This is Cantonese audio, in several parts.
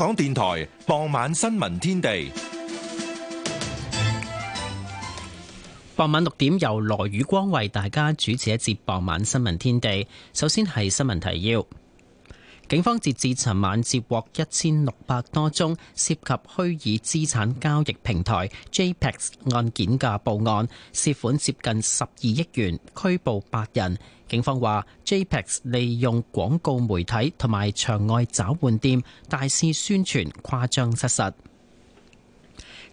港電台傍晚新聞天地。傍晚六點由羅宇光為大家主持一節傍晚新聞天地。首先係新聞提要。警方截至尋晚接獲一千六百多宗涉及虛擬資產交易平台 JPEX 案件嘅報案，涉款接近十二億元，拘捕八人。警方話 JPEX 利用廣告媒體同埋場外找換店大肆宣傳，誇張失實，實。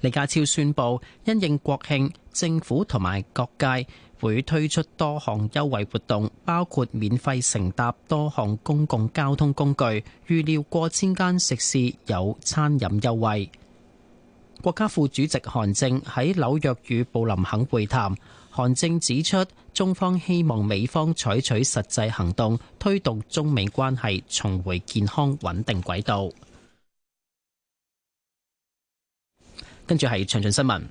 李家超宣布因應國慶，政府同埋各界會推出多項優惠活動，包括免費乘搭多項公共交通工具。預料過千間食肆有餐飲優惠。國家副主席韓正喺紐約與布林肯會談，韓正指出，中方希望美方採取，取實際行動，推動中美關係重回健康穩定軌道。跟住係詳盡新聞。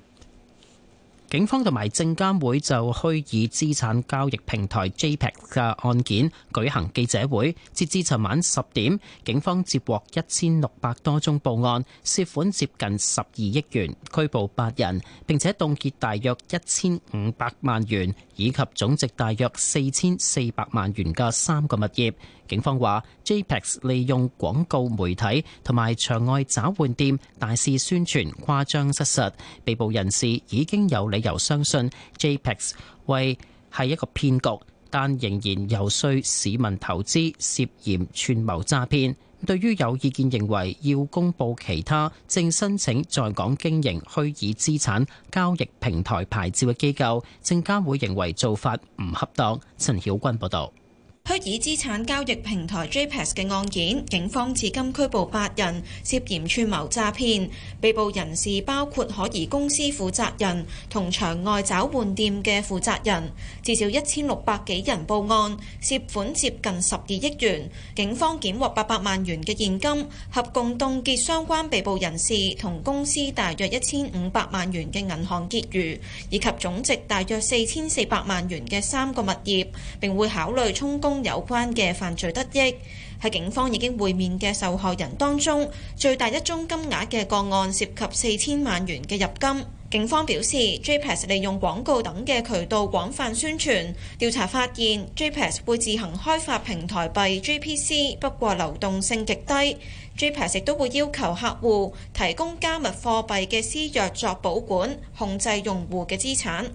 警方同埋證監會就虛擬資產交易平台 JPEX 嘅案件舉行記者會。截至尋晚十點，警方接獲一千六百多宗報案，涉款接近十二億元，拘捕八人，並且凍結大約一千五百萬元，以及總值大約四千四百萬元嘅三個物業。警方話，JPEX 利用廣告媒體同埋場外找換店大肆宣傳，誇張失實，實。被捕人士已經有理由相信 JPEX 為係一個騙局，但仍然遊說市民投資，涉嫌串謀詐騙。對於有意見認為要公佈其他正申請在港經營虛擬資產交易平台牌照嘅機構，證監會認為做法唔恰當。陳曉君報導。虛擬資產交易平台 JPEX 嘅案件，警方至今拘捕八人涉嫌串謀詐騙，被捕人士包括可疑公司負責人同場外找換店嘅負責人，至少一千六百幾人報案，涉款接近十二億元，警方檢獲八百萬元嘅現金，合共凍結相關被捕人士同公司大約一千五百萬元嘅銀行結餘，以及總值大約四千四百萬元嘅三個物業，並會考慮充公。有關嘅犯罪得益，喺警方已經會面嘅受害人當中，最大一宗金額嘅個案涉及四千萬元嘅入金。警方表示，J.P.S. 利用廣告等嘅渠道廣泛宣傳。調查發現，J.P.S. 會自行開發平台幣 GPC，不過流動性極低。J.P.S. 亦都會要求客戶提供加密貨幣嘅私鑰作保管，控制用戶嘅資產。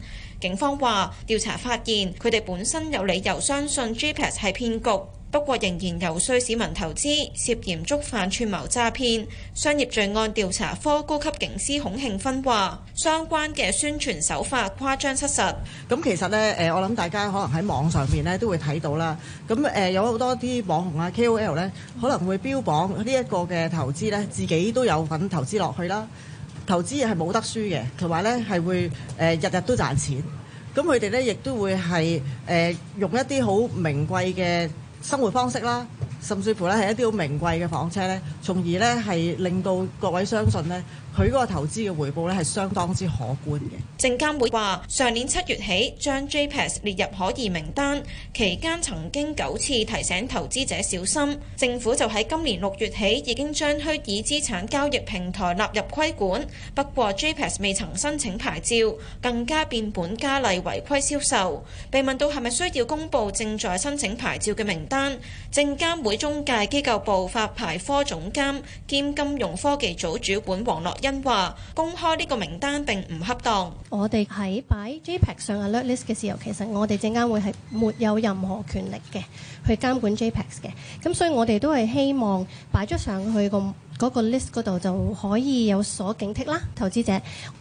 警方話調查發現，佢哋本身有理由相信 GPS 係騙局，不過仍然遊說市民投資，涉嫌觸犯串謀詐騙。商業罪案調查科高級警司孔慶芬話：相關嘅宣傳手法誇張失實。咁其實呢，誒我諗大家可能喺網上面呢都會睇到啦。咁誒有好多啲網紅啊、KOL 呢可能會標榜呢一個嘅投資呢，自己都有份投資落去啦。投資係冇得輸嘅，同埋呢係會、呃、日日都賺錢。咁佢哋呢亦都會係、呃、用一啲好名貴嘅生活方式啦。甚至乎咧係一啲好名貴嘅房車咧，從而咧係令到各位相信咧，佢嗰個投資嘅回報咧係相當之可觀嘅。證監會話上年七月起將 JPS 列入可疑名單，期間曾經九次提醒投資者小心。政府就喺今年六月起已經將虛擬資產交易平台納入規管，不過 JPS 未曾申請牌照，更加變本加厲違規銷售。被問到係咪需要公布正在申請牌照嘅名單，證監會。喺中介機構部發牌科總監兼金融科技組主管黃樂欣話：公開呢個名單並唔恰當。我哋喺擺 JPEX 上 alert list 嘅時候，其實我哋證監會係沒有任何權力嘅去監管 JPEX 嘅。咁所以我哋都係希望擺咗上去個個 list 嗰度就可以有所警惕啦。投資者，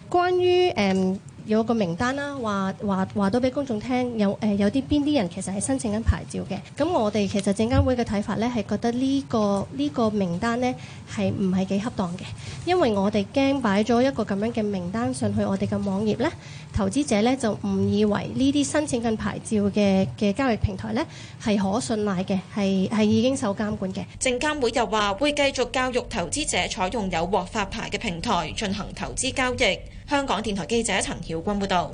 關於誒。嗯有個名單啦，話話話到俾公眾聽，有誒、呃、有啲邊啲人其實係申請緊牌照嘅。咁我哋其實證監會嘅睇法咧，係覺得呢個呢個名單咧係唔係幾恰當嘅，因為我哋驚擺咗一個咁樣嘅名單上去我哋嘅網頁咧。投資者咧就誤以為呢啲申請緊牌照嘅嘅交易平台咧係可信賴嘅，係係已經受監管嘅。證監會又話會繼續教育投資者採用有獲發牌嘅平台進行投資交易。香港電台記者陳曉君報道。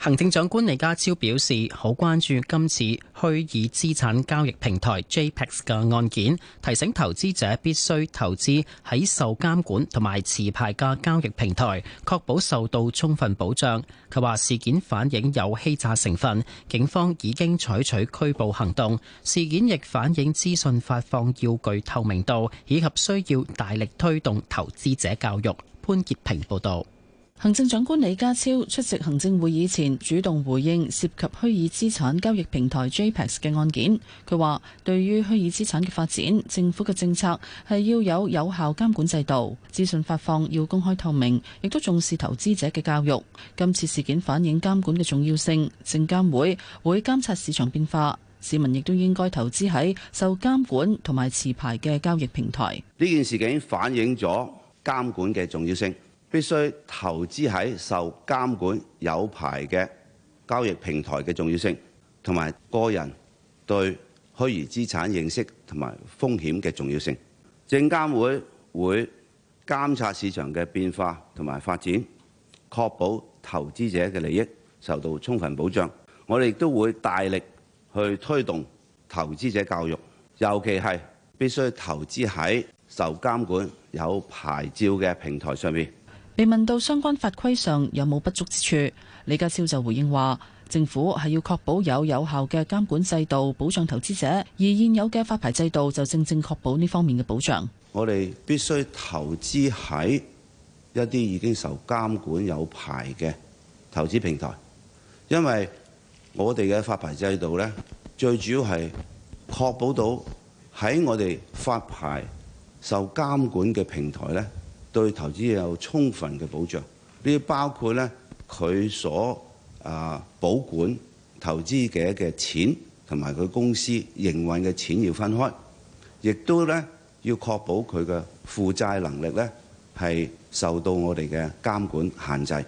行政長官李家超表示，好關注今次虛擬資產交易平台 JPEX 嘅案件，提醒投資者必須投資喺受監管同埋持牌嘅交易平台，確保受到充分保障。佢話事件反映有欺詐成分，警方已經採取、取拘捕行動。事件亦反映資訊發放要具透明度，以及需要大力推動投資者教育。潘潔平報導。行政長官李家超出席行政會議前，主動回應涉及虛擬資產交易平台 JPEX 嘅案件。佢話：對於虛擬資產嘅發展，政府嘅政策係要有有效監管制度，資訊發放要公開透明，亦都重視投資者嘅教育。今次事件反映監管嘅重要性，證監會會監察市場變化，市民亦都應該投資喺受監管同埋持牌嘅交易平台。呢件事件反映咗監管嘅重要性。必須投資喺受監管有牌嘅交易平台嘅重要性，同埋個人對虛擬資產認識同埋風險嘅重要性。證監會會監察市場嘅變化同埋發展，確保投資者嘅利益受到充分保障。我哋亦都會大力去推動投資者教育，尤其係必須投資喺受監管有牌照嘅平台上面。被問到相關法規上有冇不足之處，李家超就回應話：政府係要確保有有效嘅監管制度，保障投資者，而現有嘅發牌制度就正正確保呢方面嘅保障。我哋必須投資喺一啲已經受監管有牌嘅投資平台，因為我哋嘅發牌制度呢，最主要係確保到喺我哋發牌受監管嘅平台呢。對投資有充分嘅保障，呢包括咧佢所啊保管投資嘅嘅錢，同埋佢公司營運嘅錢要分開，亦都咧要確保佢嘅負債能力咧係受到我哋嘅監管限制。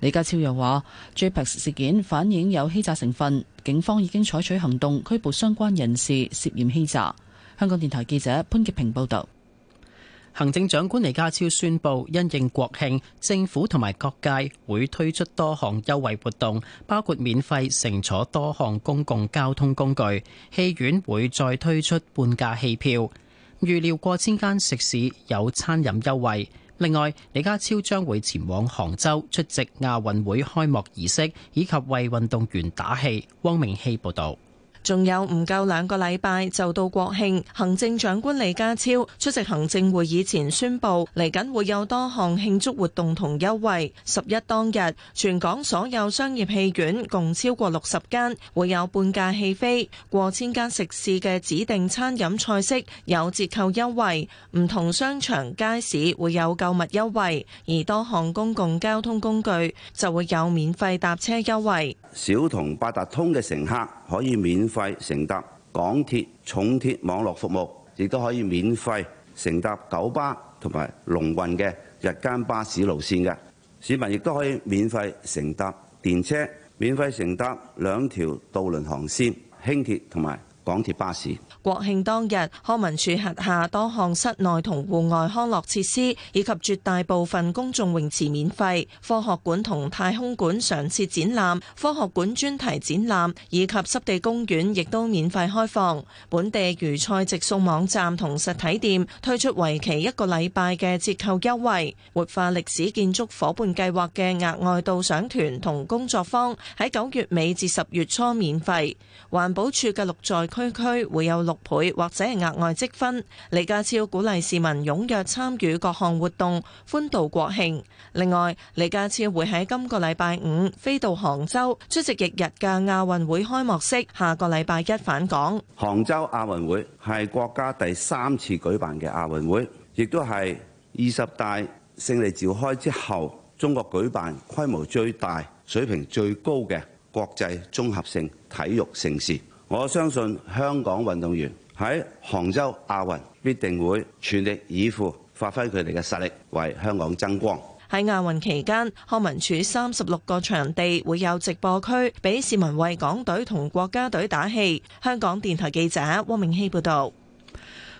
李家超又話：JPEX 事件反映有欺詐成分，警方已經採取行動拘捕相關人士涉嫌欺詐。香港電台記者潘潔平報導。行政長官李家超宣布，因應國慶，政府同埋各界會推出多項優惠活動，包括免費乘坐多項公共交通工具，戲院會再推出半價戲票。預料過千間食肆有餐飲優惠。另外，李家超將會前往杭州出席亞運會開幕儀式，以及為運動員打氣。汪明希報導。仲有唔夠兩個禮拜就到國慶，行政長官李家超出席行政會議前宣布，嚟緊會有多項慶祝活動同優惠。十一當日，全港所有商業戲院共超過六十間會有半價戲飛，過千間食肆嘅指定餐飲菜式有折扣優惠，唔同商場街市會有購物優惠，而多項公共交通工具就會有免費搭車優惠。小童八達通嘅乘客可以免費乘搭港鐵、重鐵網絡服務，亦都可以免費乘搭九巴同埋龍運嘅日間巴士路線嘅市民，亦都可以免費乘搭電車，免費乘搭兩條渡輪航線、輕鐵同埋港鐵巴士。國慶當日，康文署轄下多項室內同戶外康樂設施以及絕大部分公眾泳池免費。科學館同太空館常設展覽、科學館專題展覽以及濕地公園亦都免費開放。本地魚菜直送網站同實體店推出為期一個禮拜嘅折扣優惠。活化歷史建築夥伴計劃嘅額外導賞團同工作坊喺九月尾至十月初免費。環保署嘅綠在區區會有綠。倍或者係額外積分。李家超鼓勵市民踴躍參與各項活動，歡度國慶。另外，李家超會喺今個禮拜五飛到杭州出席翌日嘅亞運會開幕式，下個禮拜一返港。杭州亞運會係國家第三次舉辦嘅亞運會，亦都係二十大勝利召開之後中國舉辦規模最大、水平最高嘅國際綜合性體育盛事。我相信香港運動員喺杭州亞運必定會全力以赴，發揮佢哋嘅實力，為香港爭光。喺亞運期間，康文署三十六個場地會有直播區俾市民為港隊同國家隊打氣。香港電台記者汪明熙報道。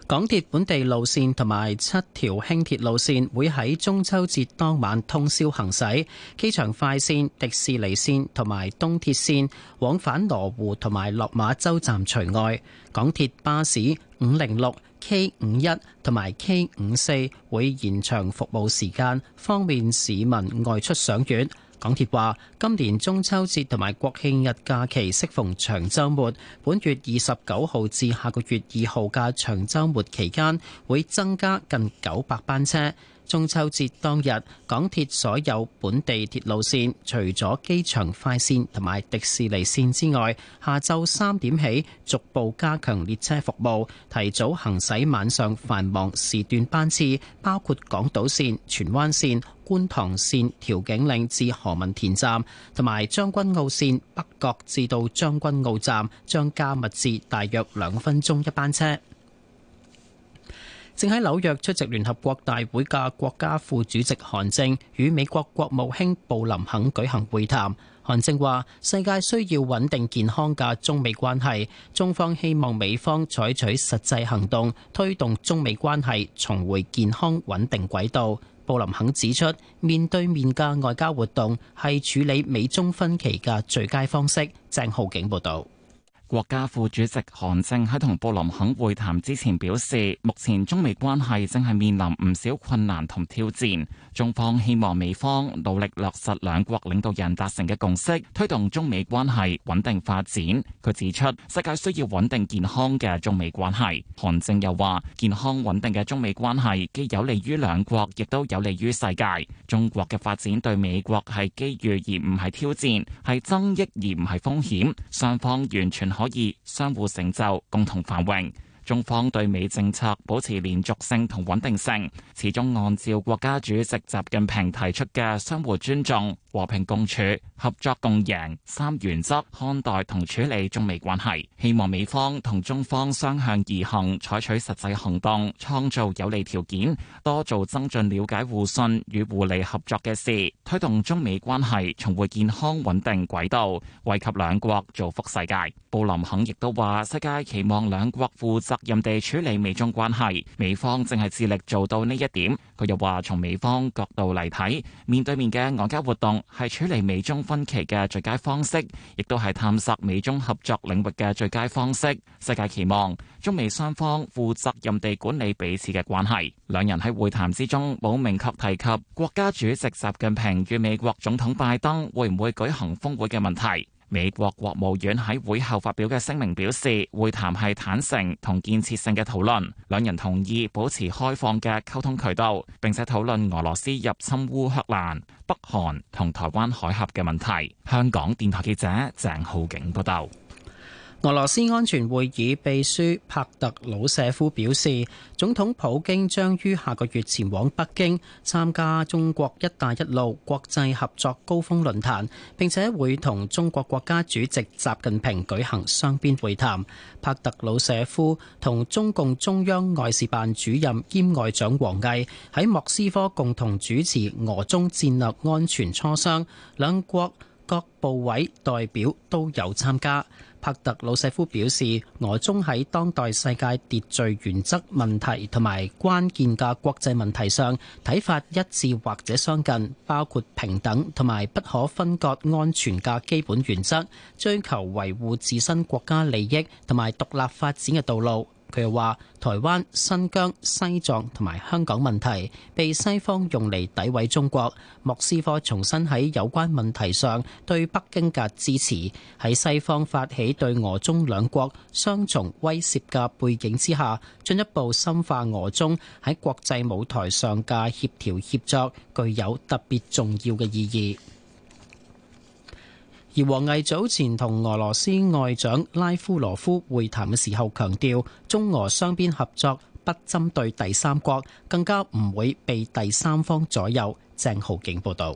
港鐵本地路線同埋七條輕鐵路線會喺中秋節當晚通宵行駛，機場快線、迪士尼線同埋東鐵線往返羅湖同埋落馬洲站除外。港鐵巴士506、K51 同埋 K54 會延長服務時間，方便市民外出賞月。港鐵話：今年中秋節同埋國慶日假期適逢長週末，本月二十九號至下個月二號嘅長週末期間，會增加近九百班車。中秋節當日，港鐵所有本地鐵路線除咗機場快線同埋迪士尼線之外，下晝三點起逐步加強列車服務，提早行駛晚上繁忙時段班次，包括港島線、荃灣線、觀塘線、調景嶺至何文田站，同埋將軍澳線北角至到將軍澳站，將加密至大約兩分鐘一班車。正喺紐約出席聯合國大會嘅國家副主席韓正與美國國務卿布林肯舉行會談，韓正話世界需要穩定健康嘅中美關係，中方希望美方採取實際行動推動中美關係重回健康穩定軌道。布林肯指出，面對面嘅外交活動，係處理美中分歧嘅最佳方式。鄭浩景報道。國家副主席韓正喺同布林肯會談之前表示，目前中美關係正係面臨唔少困難同挑戰，中方希望美方努力落實兩國領導人達成嘅共識，推動中美關係穩定發展。佢指出，世界需要穩定健康嘅中美關係。韓正又話，健康穩定嘅中美關係既有利於兩國，亦都有利於世界。中國嘅發展對美國係機遇而唔係挑戰，係增益而唔係風險。雙方完全可。可以相互成就，共同繁榮。中方對美政策保持連續性同穩定性，始終按照國家主席習近平提出嘅相互尊重、和平共處、合作共贏三原則看待同處理中美關係，希望美方同中方雙向而行，採取實際行動，創造有利條件，多做增進了解互信與互利合作嘅事，推動中美關係重回健康穩定軌道，惠及兩國，造福世界。布林肯亦都話：世界期望兩國負責任地處理美中關係，美方正係致力做到呢一點。佢又話：從美方角度嚟睇，面對面嘅外交活動係處理美中分歧嘅最佳方式，亦都係探索美中合作領域嘅最佳方式。世界期望中美雙方負責任地管理彼此嘅關係。兩人喺會談之中冇明確提及國家主席習近平與美國總統拜登會唔會舉行峰會嘅問題。美國國務院喺會後發表嘅聲明表示，會談係坦誠同建設性嘅討論，兩人同意保持開放嘅溝通渠道，並且討論俄羅斯入侵烏克蘭、北韓同台灣海峽嘅問題。香港電台記者鄭浩景報道。俄羅斯安全會議秘書帕特魯舍夫表示，總統普京將於下個月前往北京參加中國“一帶一路”國際合作高峰論壇，並且會同中國國家主席習近平舉行雙邊會談。帕特魯舍夫同中共中央外事辦主任兼外長王毅喺莫斯科共同主持俄中戰略安全磋商，兩國各部委代表都有參加。帕特魯舍夫表示，俄中喺當代世界秩序原則問題同埋關鍵嘅國際問題上，睇法一致或者相近，包括平等同埋不可分割安全嘅基本原則，追求維護自身國家利益同埋獨立發展嘅道路。佢又話：台灣、新疆、西藏同埋香港問題被西方用嚟詆毀中國。莫斯科重新喺有關問題上對北京嘅支持，喺西方發起對俄中兩國雙重威懾嘅背景之下，進一步深化俄中喺國際舞台上嘅協調協作，具有特別重要嘅意義。而王毅早前同俄羅斯外長拉夫羅夫會談嘅時候，強調中俄雙邊合作不針對第三國，更加唔會被第三方左右。鄭浩景報道，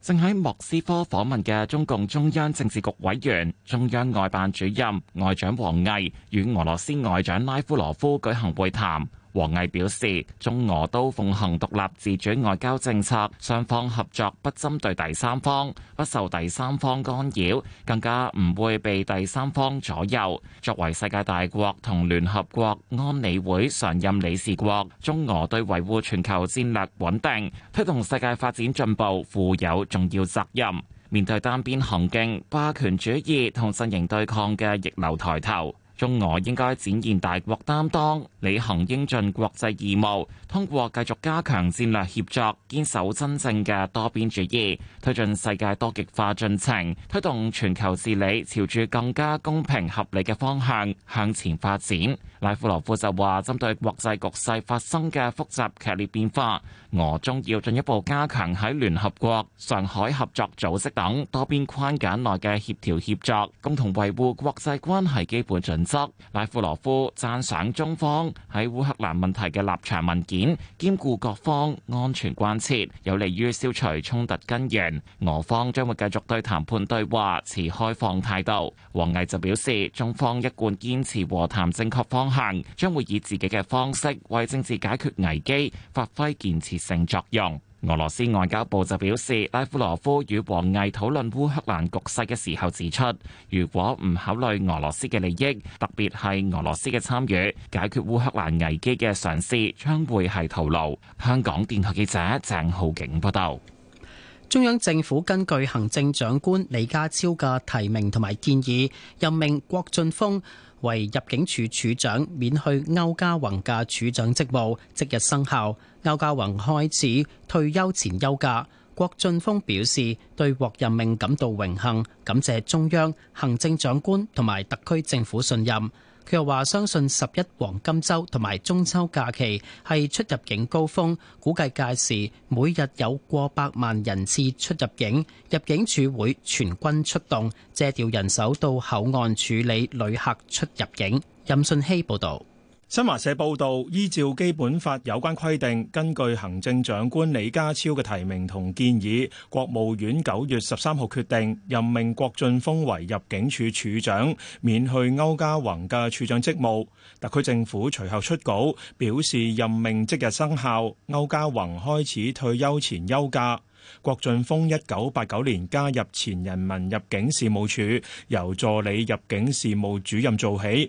正喺莫斯科訪問嘅中共中央政治局委員、中央外辦主任、外長王毅與俄羅斯外長拉夫羅夫舉行會談。王毅表示，中俄都奉行獨立自主外交政策，雙方合作不針對第三方，不受第三方干擾，更加唔會被第三方左右。作為世界大國同聯合國安理會常任理事國，中俄對維護全球戰略穩定、推動世界發展進步負有重要責任。面對單邊行徑、霸權主義同陣營對抗嘅逆流抬頭。中俄應該展現大國擔當，履行應盡國際義務，通過繼續加強戰略協作，堅守真正嘅多邊主義，推進世界多極化進程，推動全球治理朝住更加公平合理嘅方向向前發展。拉夫羅夫就話：針對國際局勢發生嘅複雜劇烈變化，俄中要進一步加強喺聯合國、上海合作組織等多邊框架內嘅協調協作，共同維護國際關係基本準則。拉夫羅夫讚賞中方喺烏克蘭問題嘅立場文件，兼顧各方安全關切，有利於消除衝突根源。俄方將會繼續對談判對話持開放態度。王毅就表示，中方一貫堅持和談正確方向。行將會以自己嘅方式為政治解決危機，發揮建設性作用。俄羅斯外交部就表示，拉夫羅夫與王毅討論烏克蘭局勢嘅時候指出，如果唔考慮俄羅斯嘅利益，特別係俄羅斯嘅參與，解決烏克蘭危機嘅嘗試將會係徒勞。香港電台記者鄭浩景報道。中央政府根據行政長官李家超嘅提名同埋建議，任命郭俊峰為入境處處長免去區嘉宏嘅處長職務，即日生效。區嘉宏開始退休前休假。郭俊峰表示對獲任命感到榮幸，感謝中央、行政長官同埋特區政府信任。佢又話：相信十一黃金週同埋中秋假期係出入境高峰，估計屆時每日有過百萬人次出入境，入境處會全軍出動，借調人手到口岸處理旅客出入境。任信希報道。新華社報道，依照基本法有關規定，根據行政長官李家超嘅提名同建議，國務院九月十三號決定任命郭俊峰為入境處處長，免去歐家宏嘅處長職務。特區政府隨後出稿表示，任命即日生效，歐家宏開始退休前休假。郭俊峰一九八九年加入前人民入境事務處，由助理入境事務主任做起。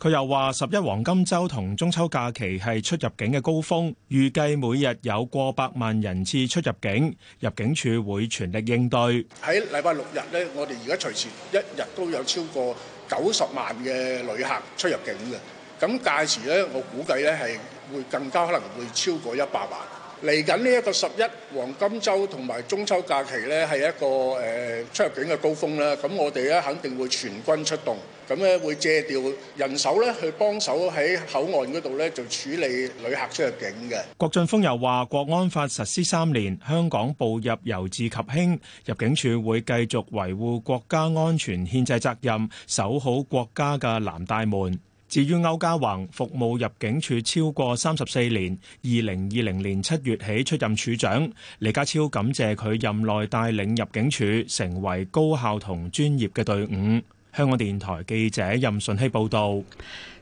佢又話：十一黃金週同中秋假期係出入境嘅高峰，預計每日有過百萬人次出入境，入境處會全力應對。喺禮拜六日咧，我哋而家隨時一日都有超過九十萬嘅旅客出入境嘅，咁屆時咧，我估計咧係會更加可能會超過一百萬。嚟緊呢一個十一黃金週同埋中秋假期呢係一個誒、呃、出入境嘅高峰啦。咁我哋呢，肯定會全軍出動，咁咧會借調人手咧去幫手喺口岸嗰度咧就處理旅客出入境嘅。郭俊峰又話：國安法實施三年，香港步入由治及興，入境處會繼續維護國家安全憲制責任，守好國家嘅南大門。至於區嘉宏服務入境處超過三十四年，二零二零年七月起出任處長。李家超感謝佢任內帶領入境處成為高效同專業嘅隊伍。香港電台記者任順希報導。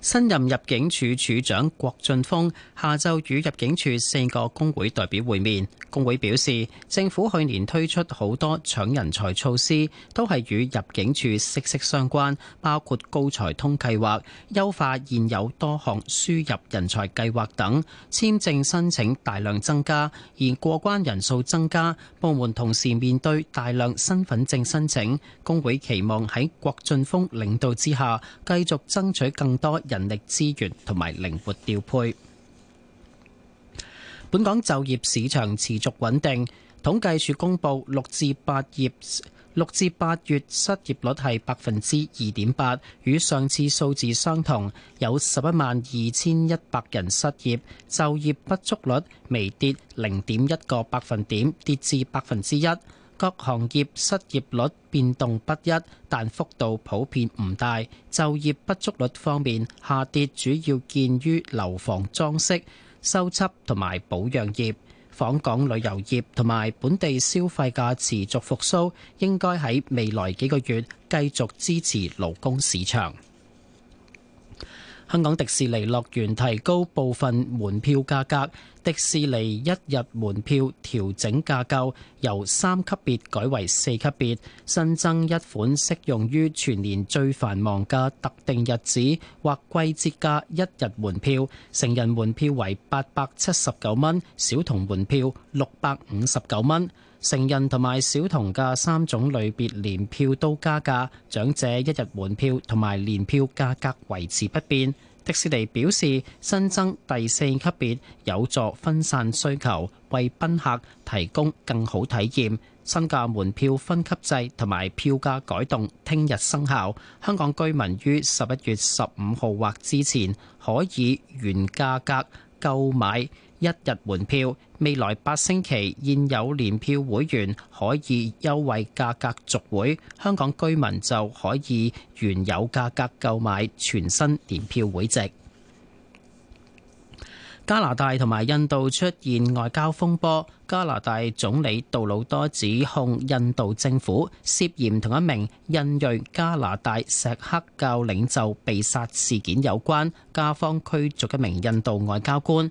新任入境處處長郭俊峰下晝與入境處四個工會代表會面。工會表示，政府去年推出好多搶人才措施，都係與入境處息息相關，包括高才通計劃優化現有多項輸入人才計劃等。簽證申請大量增加，而過關人數增加，部門同時面對大量身份證申請。工會期望喺郭俊峰領導之下，繼續爭取更多。人力資源同埋靈活調配，本港就業市場持續穩定。統計處公布六至八月，六至八月失業率係百分之二點八，與上次數字相同，有十一萬二千一百人失業，就業不足率微跌零點一個百分點，跌至百分之一。各行業失業率變動不一，但幅度普遍唔大。就業不足率方面，下跌主要見於樓房裝飾、修葺同埋保養業、訪港旅遊業同埋本地消費嘅持續復甦，應該喺未來幾個月繼續支持勞工市場。香港迪士尼樂園提高部分門票價格，迪士尼一日門票調整架構由三級別改為四級別，新增一款適用於全年最繁忙嘅特定日子或季節嘅一日門票，成人門票為八百七十九蚊，小童門票六百五十九蚊。成人同埋小童嘅三種類別年票都加價，長者一日門票同埋年票價格維持不變。迪士尼表示，新增第四級別有助分散需求，為賓客提供更好體驗。新價門票分級制同埋票價改動，聽日生效。香港居民於十一月十五號或之前可以原價格購買。一日門票未來八星期，現有年票會員可以優惠價格續會。香港居民就可以原有價格購買全新年票會籍。加拿大同埋印度出現外交風波，加拿大總理杜魯多指控印度政府涉嫌同一名印裔加拿大錫克教領袖被殺事件有關，加方驅逐一名印度外交官。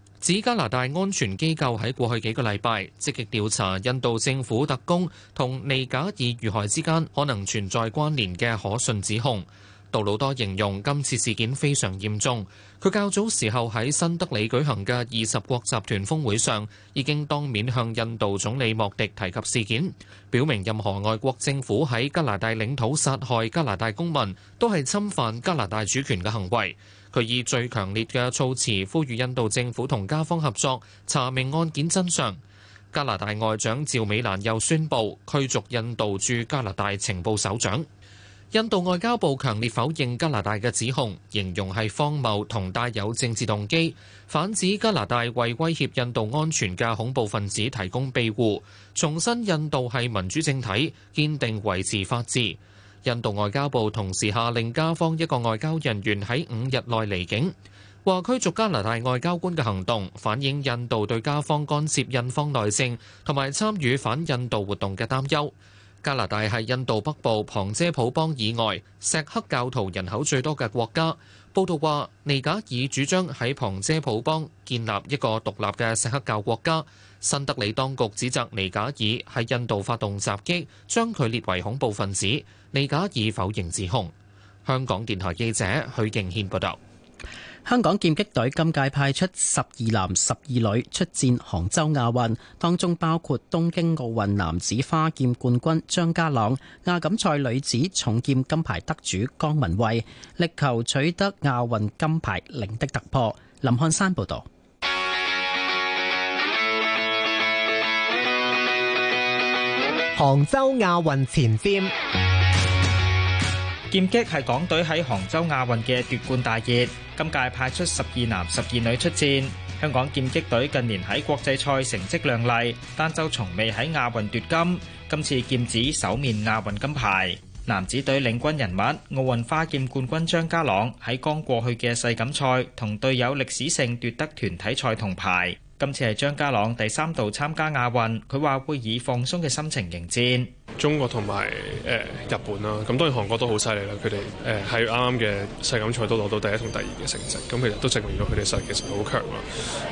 指加拿大安全機構喺過去幾個禮拜積極調查印度政府特工同尼賈爾遇害之間可能存在關聯嘅可信指控。杜魯多形容今次事件非常嚴重，佢較早時候喺新德里舉行嘅二十國集團峰會上已經當面向印度總理莫迪提及事件，表明任何外國政府喺加拿大領土殺害加拿大公民都係侵犯加拿大主權嘅行為。佢以最強烈嘅措辭呼籲印度政府同加方合作，查明案件真相。加拿大外長趙美蘭又宣布驅逐印度駐加拿大情報首長。印度外交部強烈否認加拿大嘅指控，形容係荒謬同帶有政治動機，反指加拿大為威脅印度安全嘅恐怖分子提供庇護，重申印度係民主政體，堅定維持法治。印度外交部同時下令加方一個外交人員喺五日內離境，話驅逐加拿大外交官嘅行動反映印度對加方干涉印方內政同埋參與反印度活動嘅擔憂。加拿大係印度北部旁遮普邦以外錫克教徒人口最多嘅國家。報道話，尼賈爾主張喺旁遮普邦建立一個獨立嘅錫克教國家。新德里當局指責尼賈爾喺印度發動襲擊，將佢列為恐怖分子。尼賈爾否認指控。香港電台記者許敬軒報道。香港劍擊隊今屆派出十二男十二女出戰杭州亞運，當中包括東京奧運男子花劍冠軍張家朗、亞錦賽女子重劍金牌得主江旻憓，力求取得亞運金牌零的突破。林漢山報道。杭州亞運前瞻，劍擊係港隊喺杭州亞運嘅奪冠大熱。今屆派出十二男十二女出戰。香港劍擊隊近年喺國際賽成績亮麗，單周從未喺亞運奪金。今次劍指首面亞運金牌。男子隊領軍人物奧運花劍冠軍張家朗喺剛過去嘅世錦賽同隊友歷史性奪得團體賽銅牌。今次係張家朗第三度參加亞運，佢話會以放鬆嘅心情迎戰。中國同埋誒日本啦，咁當然韓國都好犀利啦。佢哋誒喺啱啱嘅世錦賽都攞到第一同第二嘅成績，咁、嗯、其實都證明咗佢哋實力其實好強啦。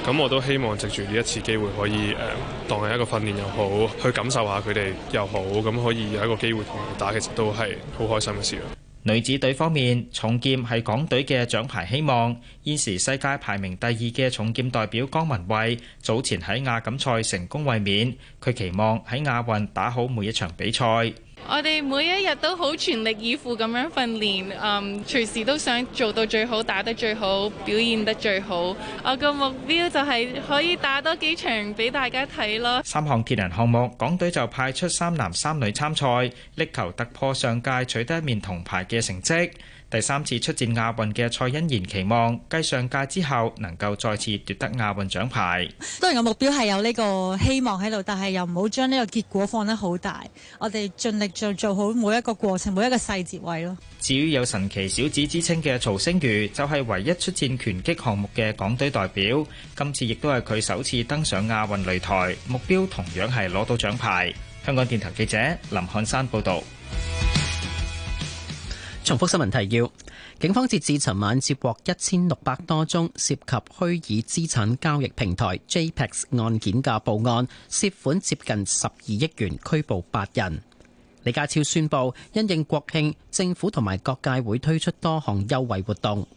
咁、嗯、我都希望藉住呢一次機會可以誒、呃、當係一個訓練又好，去感受下佢哋又好，咁、嗯、可以有一個機會同佢哋打，其實都係好開心嘅事。女子隊方面，重劍係港隊嘅獎牌希望。現時世界排名第二嘅重劍代表江文慧，早前喺亞錦賽成功衛冕。佢期望喺亞運打好每一場比賽。我哋每一日都好全力以赴咁樣訓練，嗯，隨時都想做到最好，打得最好，表現得最好。我個目標就係可以打多幾場俾大家睇咯。三項鐵人項目，港隊就派出三男三女參賽，力求突破上屆取得一面銅牌嘅成績。第三次出戰亞運嘅蔡欣然期望繼上屆之後，能夠再次奪得亞運獎牌。當然，個目標係有呢個希望喺度，但係又唔好將呢個結果放得好大。我哋盡力做做好每一個過程，每一個細節位咯。至於有神奇小子之稱嘅曹星如，就係唯一出戰拳擊項目嘅港隊代表。今次亦都係佢首次登上亞運擂台，目標同樣係攞到獎牌。香港電台記者林漢山報道。重複新聞提要：警方截至尋晚接獲一千六百多宗涉及虛擬資產交易平台 JPEX 案件嘅報案，涉款接近十二億元，拘捕八人。李家超宣布，因應國慶，政府同埋各界會推出多項優惠活動。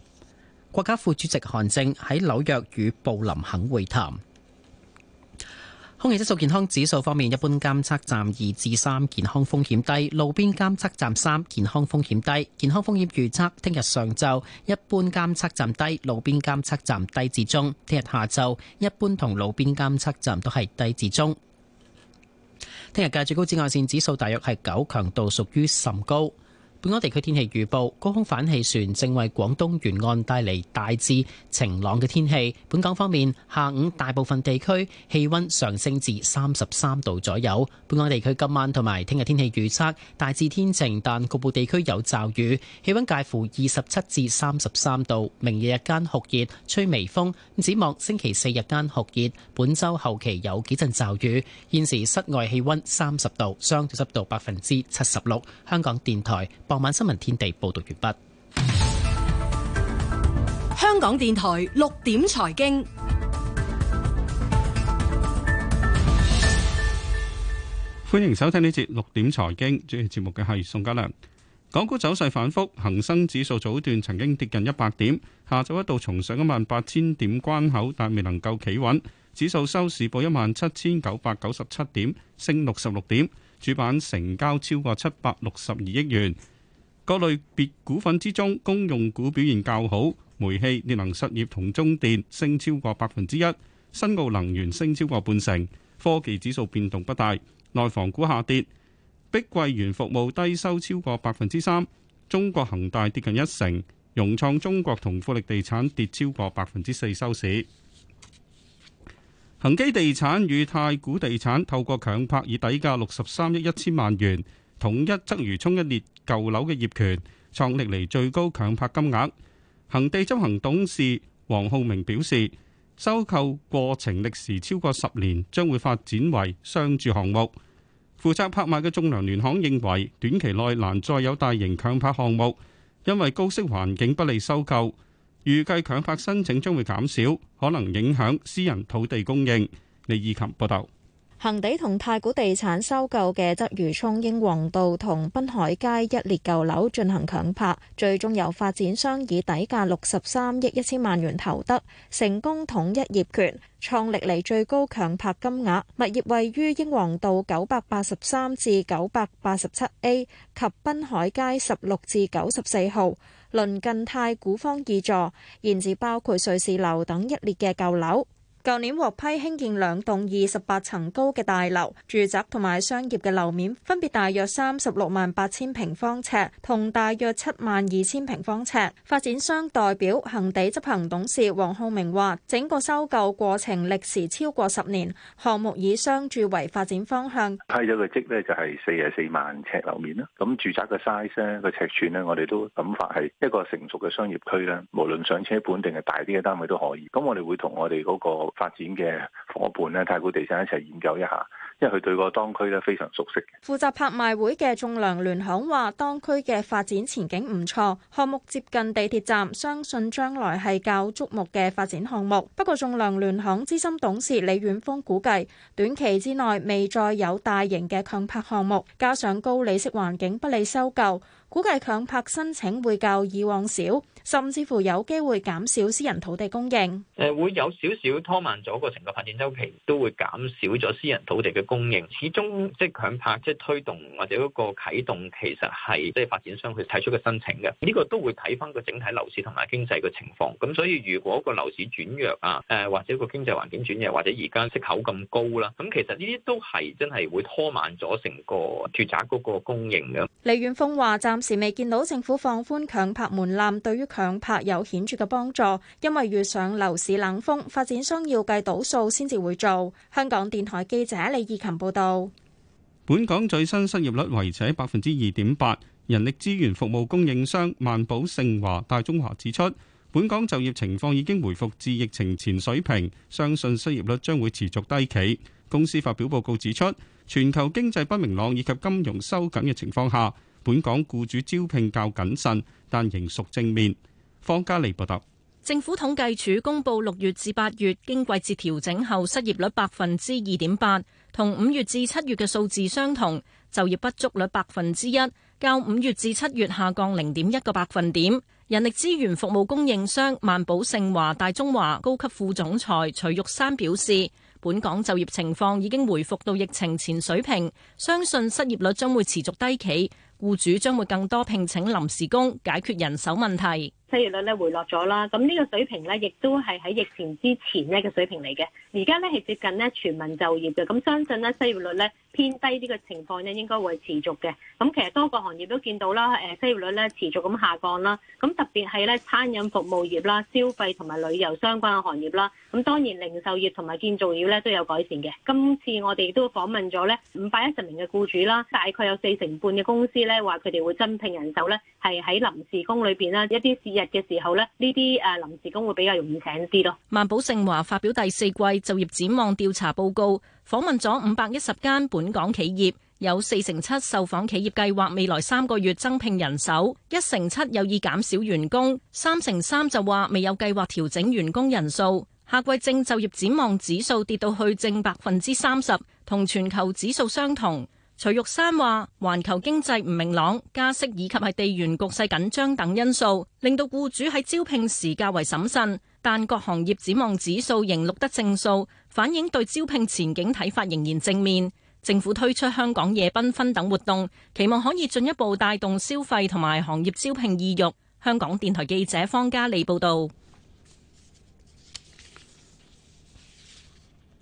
國家副主席韓正喺紐約與佈林肯會談。空氣質素健康指數方面，一般監測站二至三，健康風險低；路邊監測站三，健康風險低。健康風險預測：聽日上晝一般監測站低，路邊監測站低至中；聽日下晝一般同路邊監測站都係低至中。聽日嘅最高紫外線指數大約係九，強度屬於甚高。本港地區天氣預報，高空反氣旋正為廣東沿岸帶嚟大致晴朗嘅天氣，本港方面，下午大部分地區氣溫上升至三十三度左右。本港地區今晚同埋聽日天氣預測，大致天晴，但局部地區有驟雨，氣溫介乎二十七至三十三度。明日日間酷熱，吹微風，展望星期四日間酷熱，本周後期有幾陣驟雨。現時室外氣溫三十度，相對濕度百分之七十六。香港電台。傍晚新聞天地報道完畢。香港電台六點財經，歡迎收聽呢節六點財經。主持節目嘅係宋家良。港股走勢反覆，恒生指數早段曾經跌近一百點，下晝一度重上一萬八千點關口，但未能夠企穩。指數收市報一萬七千九百九十七點，升六十六點，主板成交超過七百六十二億元。各類別股份之中，公用股表現較好，煤氣、電能實業同中電升超過百分之一，新奧能源升超過半成，科技指數變動不大，內房股下跌，碧桂園服務低收超過百分之三，中國恒大跌近一成，融創中國同富力地產跌超過百分之四收市。恒基地產與太古地產透過強拍以底價六十三億一千萬元。統一鰂魚涌一列舊樓嘅業權，創歷嚟最高強拍金額。恆地執行董事黃浩明表示，收購過程歷時超過十年，將會發展為商住項目。負責拍賣嘅仲量聯行認為，短期內難再有大型強拍項目，因為高息環境不利收購。預計強拍申請將會減少，可能影響私人土地供應。李以琴報道。恒地同太古地產收購嘅鰂魚涌英皇道同濱海街一列舊樓進行強拍，最終由發展商以底價六十三億一千萬元投得，成功統一業權，創歷嚟最高強拍金額。物業位於英皇道九百八十三至九百八十七 A 及濱海街十六至九十四號，鄰近太古坊二座，現址包括瑞士樓等一列嘅舊樓。舊年獲批興建兩棟二十八層高嘅大樓，住宅同埋商業嘅樓面分別大約三十六萬八千平方尺同大約七萬二千平方尺。發展商代表恒地執行董事黃浩明話：整個收購過程歷時超過十年，項目以商住為發展方向。批咗嘅積呢就係四十四萬尺樓面啦，咁住宅嘅 size 咧，個尺寸呢，我哋都諗法係一個成熟嘅商業區咧，無論上車本定係大啲嘅單位都可以。咁我哋會同我哋嗰個發展嘅伙伴呢，太古地產一齊研究一下，因為佢對個當區呢非常熟悉。負責拍賣會嘅仲量聯行話，當區嘅發展前景唔錯，項目接近地鐵站，相信將來係較矚目嘅發展項目。不過，仲量聯行資深董事李遠峰估計，短期之內未再有大型嘅強拍項目，加上高利息環境不利收購。估計強拍申請會較以往少，甚至乎有機會減少私人土地供應。誒，會有少少拖慢咗個成個發展周期，都會減少咗私人土地嘅供應。始終即係強拍，即係推動或者嗰個啟動，其實係即係發展商去提出嘅申請嘅。呢個都會睇返個整體樓市同埋經濟嘅情況。咁所以如果個樓市轉弱啊，誒或者個經濟環境轉弱，或者而家息口咁高啦，咁其實呢啲都係真係會拖慢咗成個住宅嗰個供應嘅。李遠峰話：暫時未見到政府放寬強拍門檻，對於強拍有顯著嘅幫助，因為遇上樓市冷風，發展商要計倒數先至會做。香港電台記者李義琴報道。本港最新失業率維持喺百分之二點八。人力資源服務供應商萬寶盛華大中華指出，本港就業情況已經回復至疫情前水平，相信失業率將會持續低企。公司發表報告指出，全球經濟不明朗以及金融收緊嘅情況下，本港僱主招聘較謹慎，但仍屬正面。方嘉利報道。政府統計處公佈六月至八月經季節調整後失業率百分之二點八，同五月至七月嘅數字相同。就業不足率百分之一，較五月至七月下降零點一個百分點。人力資源服務供應商萬寶盛華大中華高級副總裁徐玉山表示，本港就業情況已經回復到疫情前水平，相信失業率將會持續低企。戶主將會更多聘請臨時工，解決人手問題。失業率咧回落咗啦，咁、這、呢個水平咧亦都係喺疫情之前咧嘅水平嚟嘅，而家咧係接近咧全民就業嘅，咁相信咧失業率咧偏低啲嘅情況咧應該會持續嘅。咁其實多個行業都見到啦，誒失業率咧持續咁下降啦，咁特別係咧餐飲服務業啦、消費同埋旅遊相關嘅行業啦，咁當然零售業同埋建造業咧都有改善嘅。今次我哋都訪問咗咧五百一十名嘅僱主啦，大概有四成半嘅公司咧話佢哋會增聘人手咧，係喺臨時工裏邊啦，一啲私人嘅時候呢，呢啲誒臨時工會比較容易請啲咯。萬寶盛華發表第四季就業展望調查報告，訪問咗五百一十間本港企業，有四成七受訪企業計劃未來三個月增聘人手，一成七有意減少員工，三成三就話未有計劃調整員工人數。下季正就業展望指數跌到去正百分之三十，同全球指數相同。徐玉山話：環球經濟唔明朗、加息以及係地緣局勢緊張等因素，令到僱主喺招聘時較為審慎。但各行業展望指數仍錄得正數，反映對招聘前景睇法仍然正面。政府推出香港夜繽紛等活動，期望可以進一步帶動消費同埋行業招聘意慾。香港電台記者方嘉莉報道。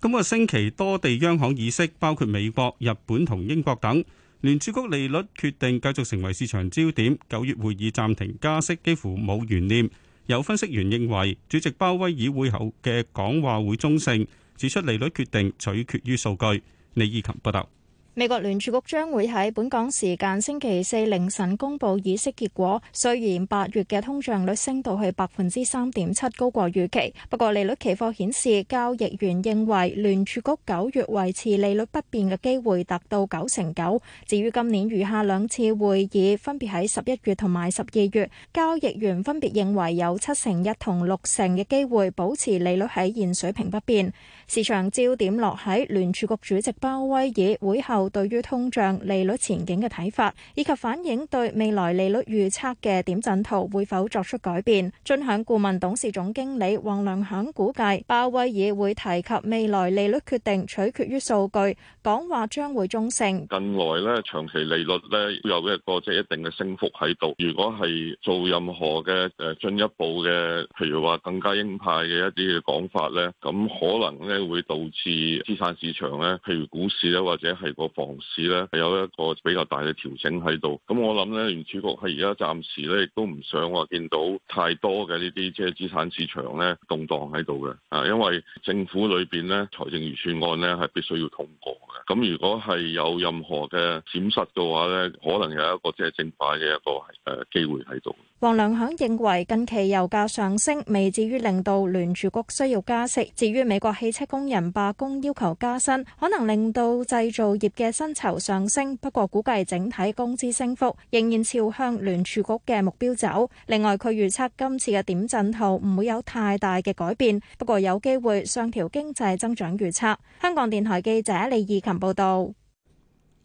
今個星期多地央行議息，包括美國、日本同英國等，聯儲局利率決定繼續成為市場焦點，九月會議暫停加息，幾乎冇懸念。有分析員認為主席鮑威爾會後嘅講話會中性，指出利率決定取決於數據，李以琴報道。美國聯儲局將會喺本港時間星期四凌晨公布議息結果。雖然八月嘅通脹率升到去百分之三點七，高過預期，不過利率期貨顯示交易員認為聯儲局九月維持利率不變嘅機會達到九成九。至於今年餘下兩次會議，分別喺十一月同埋十二月，交易員分別認為有七成一同六成嘅機會保持利率喺現水平不變。市場焦點落喺聯儲局主席鮑威爾會後對於通脹、利率前景嘅睇法，以及反映對未來利率預測嘅點陣圖會否作出改變。尊享顧問董事總經理黃良享估計，鮑威爾會提及未來利率決定取決於數據，講話將會中性。近來呢，長期利率呢有一個即係一定嘅升幅喺度。如果係做任何嘅誒進一步嘅，譬如話更加鷹派嘅一啲嘅講法呢，咁可能呢。都會導致資產市場咧，譬如股市咧，或者係個房市咧，係有一個比較大嘅調整喺度。咁我諗咧，聯儲局喺而家暫時咧，亦都唔想話見到太多嘅呢啲即係資產市場咧動盪喺度嘅。啊，因為政府裏邊咧財政預算案咧係必須要通過嘅。咁如果係有任何嘅閃失嘅話咧，可能有一個即係正反嘅一個誒機會喺度。黃良響認為，近期油價上升未至於令到聯儲局需要加息。至於美國汽車工人罷工要求加薪，可能令到製造業嘅薪酬上升。不過估計整體工資升幅仍然朝向聯儲局嘅目標走。另外，佢預測今次嘅點陣圖唔會有太大嘅改變，不過有機會上調經濟增長預測。香港電台記者李義琴報道。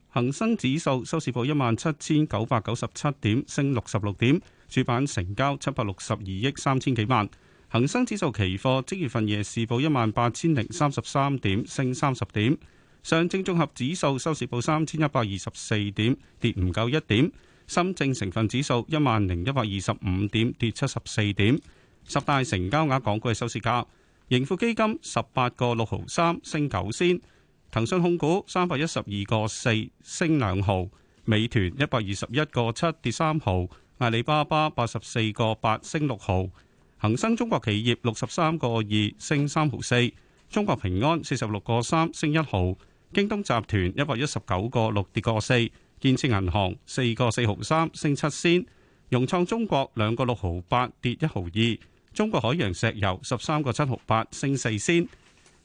恒生指數收市報一萬七千九百九十七點，升六十六點。主板成交七百六十二億三千幾萬，恒生指數期貨即月份夜市報一萬八千零三十三點，升三十點。上證綜合指數收市報三千一百二十四點，跌唔夠一點。深證成分指數一萬零一百二十五點，跌七十四點。十大成交額港股嘅收市價，盈富基金十八個六毫三，升九仙。騰訊控股三百一十二個四，升兩毫。美團一百二十一個七，跌三毫。阿里巴巴八十四個八升六毫，恒生中國企業六十三個二升三毫四，中國平安四十六個三升一毫，京東集團一百一十九個六跌個四，建設銀行四個四毫三升七仙，融創中國兩個六毫八跌一毫二，中國海洋石油十三個七毫八升四仙。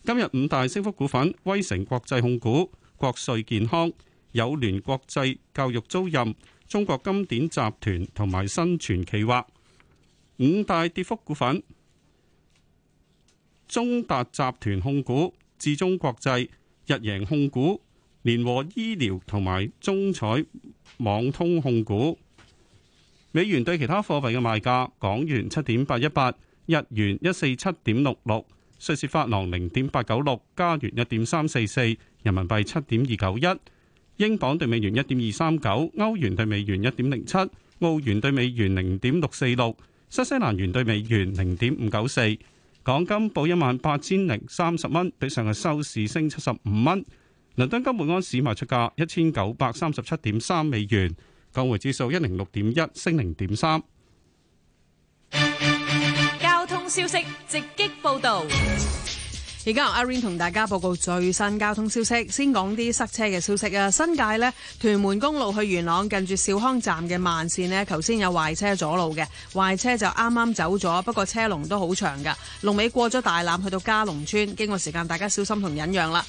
今日五大升幅股份：威城國際控股、國稅健康、友聯國際教育租賃。中國金典集團同埋新泉企劃。五大跌幅股份：中達集團控股、智中國際、日盈控股、聯和醫療同埋中彩網通控股。美元對其他貨幣嘅賣價：港元七點八一八，日元一四七點六六，瑞士法郎零點八九六，加元一點三四四，人民幣七點二九一。英鎊兌美元一點二三九，歐元兌美元一點零七，澳元兌美元零點六四六，新西蘭元兌美元零點五九四。港金報一萬八千零三十蚊，18, 30, 比上日收市升七十五蚊。倫敦金每安士賣出價一千九百三十七點三美元，港匯指數一零六點一，升零點三。交通消息直擊報道。而家阿 Irene 同大家報告最新交通消息，先講啲塞車嘅消息啊！新界呢屯門公路去元朗，近住兆康站嘅慢線呢，頭先有壞車阻路嘅，壞車就啱啱走咗，不過車龍都好長噶，龍尾過咗大欖去到嘉龍村，經過時間大家小心同忍讓啦。.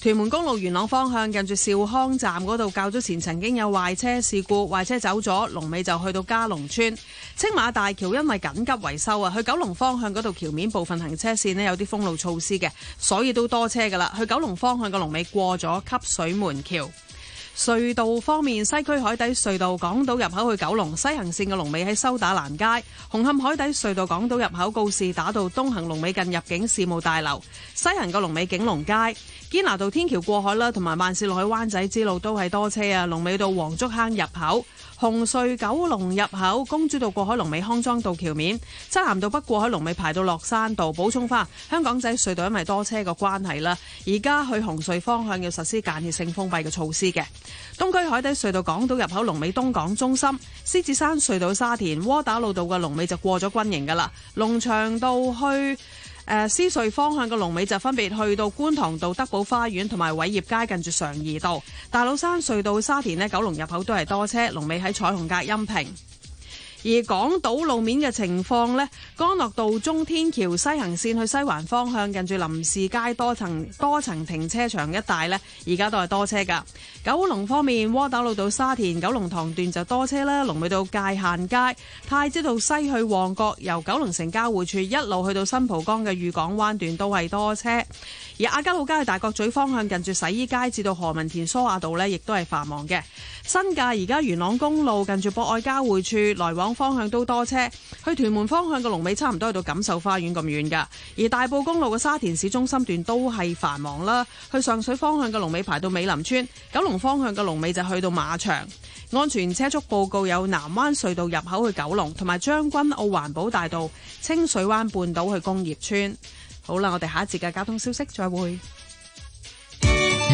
屯門公路元朗方向近住兆康站嗰度，較早前曾經有壞車事故，壞車走咗，龍尾就去到嘉龍村。青馬大橋因為緊急維修啊，去九龍方向嗰度橋面部分行車線呢有啲封路措施嘅，所以都多車噶啦。去九龍方向個龍尾過咗汲水門橋。隧道方面，西區海底隧道港島入口去九龍西行線嘅龍尾喺修打蘭街，紅磡海底隧道港島入口告士打道東行龍尾近入境事務大樓，西行個龍尾景龍街。堅拿道天橋過海啦，同埋萬市路去灣仔之路都係多車啊！龍尾到黃竹坑入口、紅隧九龍入口、公主道過海龍尾康莊道橋面、漆咸道北過海龍尾排到落山道。補充翻，香港仔隧道因為多車嘅關係啦，而家去紅隧方向要實施間歇性封閉嘅措施嘅。東區海底隧道港島入口龍尾東港中心、獅子山隧道沙田窩打老道嘅龍尾就過咗軍營噶啦，龍翔道去。誒，獅隧方向嘅龍尾就分別去到觀塘道德寶花園同埋偉業街近住常怡道，大老山隧道沙田呢，九龍入口都係多車，龍尾喺彩虹隔音屏。而港島路面嘅情況呢，幹諾道中天橋西行線去西環方向，近住林士街多層多層停車場一帶呢，而家都係多車噶。九龍方面，窩打老道到沙田九龍塘段就多車啦，龍尾到界限街、太子道西去旺角，由九龍城交匯處一路去到新蒲崗嘅裕港灣段都係多車。而亞皆老街去大角咀方向近，近住洗衣街至到何文田梳亞道呢，亦都係繁忙嘅。新界而家元朗公路近住博愛交匯處來往方向都多車，去屯門方向嘅龍尾差唔多去到錦繡花園咁遠㗎。而大埔公路嘅沙田市中心段都係繁忙啦，去上水方向嘅龍尾排到美林村，九龍方向嘅龍尾就去到馬場。安全車速報告有南灣隧道入口去九龍，同埋將軍澳環保大道清水灣半島去工業村。好啦，我哋下一節嘅交通消息再會。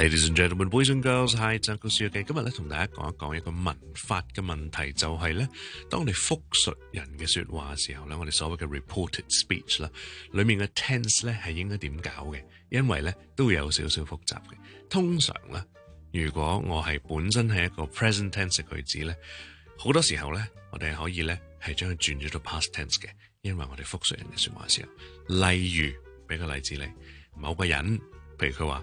Ladies and gentlemen, boys and girls，hi，、si、今日咧，同大家講一講一個文法嘅問題，就係咧，當我哋複述人嘅說話嘅時候咧，我哋所謂嘅 reported speech 啦，裏面嘅 tense 咧係應該點搞嘅？因為咧都有少少複雜嘅。通常咧，如果我係本身係一個 present tense 嘅句子咧，好多時候咧，我哋係可以咧係將佢轉咗到 past tense 嘅，因為我哋複述人嘅說話嘅時候，例如俾個例子你：某個人，譬如佢話。